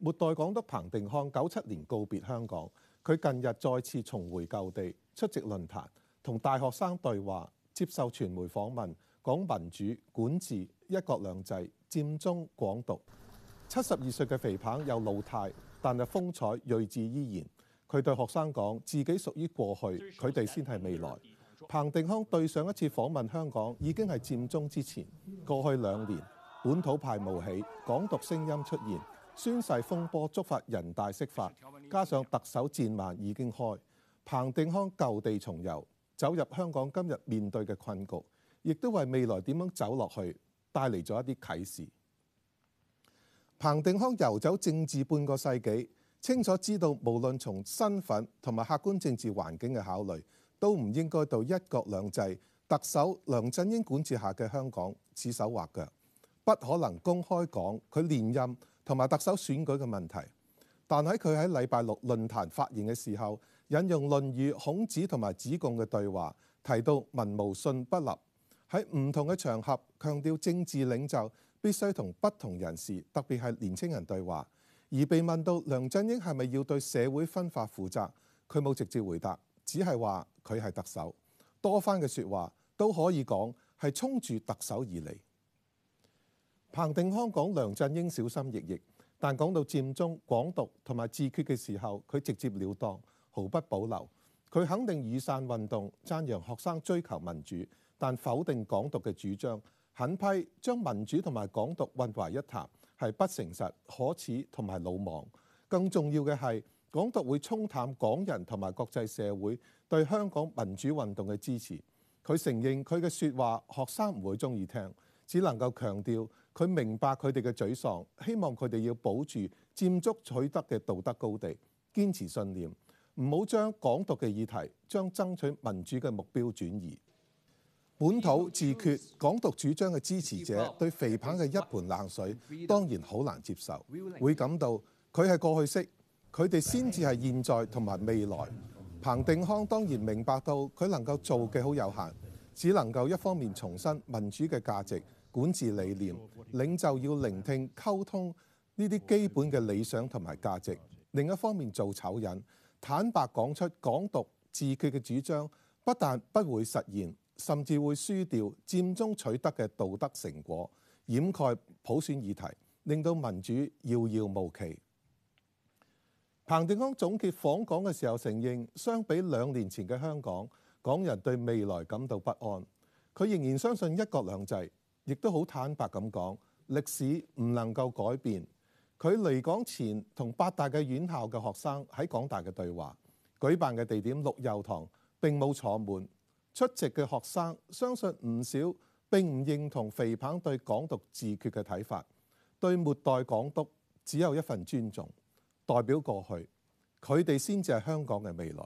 末代港督彭定康九七年告別香港，佢近日再次重回舊地出席論壇，同大學生對話，接受傳媒訪問，講民主管治、一國兩制、佔中、港獨。七十二歲嘅肥彭有老態，但係風采睿智依然。佢對學生講自己屬於過去，佢哋先係未來。彭定康對上一次訪問香港已經係佔中之前，過去兩年本土派冒起，港獨聲音出現。宣誓風波觸發人大釋法，加上特首戰馬已經開，彭定康舊地重遊，走入香港今日面對嘅困局，亦都為未來點樣走落去帶嚟咗一啲啟示。彭定康遊走政治半個世紀，清楚知道無論從身份同埋客觀政治環境嘅考慮，都唔應該到一國兩制特首梁振英管治下嘅香港指手畫腳，不可能公開講佢連任。同埋特首選舉嘅問題，但喺佢喺禮拜六論壇發言嘅時候，引用《論語》孔子同埋子貢嘅對話，提到民無信不立。喺唔同嘅場合強調政治領袖必須同不同人士，特別係年青人對話。而被問到梁振英係咪要對社會分化負責，佢冇直接回答，只係話佢係特首。多番嘅説話都可以講係衝住特首而嚟。彭定康講梁振英小心翼翼，但講到佔中、港獨同埋自決嘅時候，佢直接了當，毫不保留。佢肯定雨傘運動，讚揚學生追求民主，但否定港獨嘅主張，狠批將民主同埋港獨混為一談係不誠實、可恥同埋魯莽。更重要嘅係，港獨會沖淡港人同埋國際社會對香港民主運動嘅支持。佢承認佢嘅説話學生唔會鍾意聽，只能夠強調。佢明白佢哋嘅沮喪，希望佢哋要保住佔足取得嘅道德高地，堅持信念，唔好將港獨嘅議題將爭取民主嘅目標轉移。本土自決、港獨主張嘅支持者對肥彭嘅一盆冷水，當然好難接受，會感到佢係過去式，佢哋先至係現在同埋未來。彭定康當然明白到佢能夠做嘅好有限，只能夠一方面重申民主嘅價值。管治理念，領袖要聆聽溝通，呢啲基本嘅理想同埋價值。另一方面做醜人，坦白講出港獨自決嘅主張，不但不會實現，甚至會輸掉佔中取得嘅道德成果，掩蓋普選議題，令到民主遙遙無期。彭定康總結訪港嘅時候承認，相比兩年前嘅香港，港人對未來感到不安。佢仍然相信一國兩制。亦都好坦白咁講，歷史唔能夠改變。佢嚟港前同八大嘅院校嘅學生喺港大嘅對話，舉辦嘅地點，陸佑堂並冇坐滿。出席嘅學生相信唔少並唔認同肥彭對港獨自決嘅睇法，對末代港督只有一份尊重，代表過去，佢哋先至係香港嘅未來。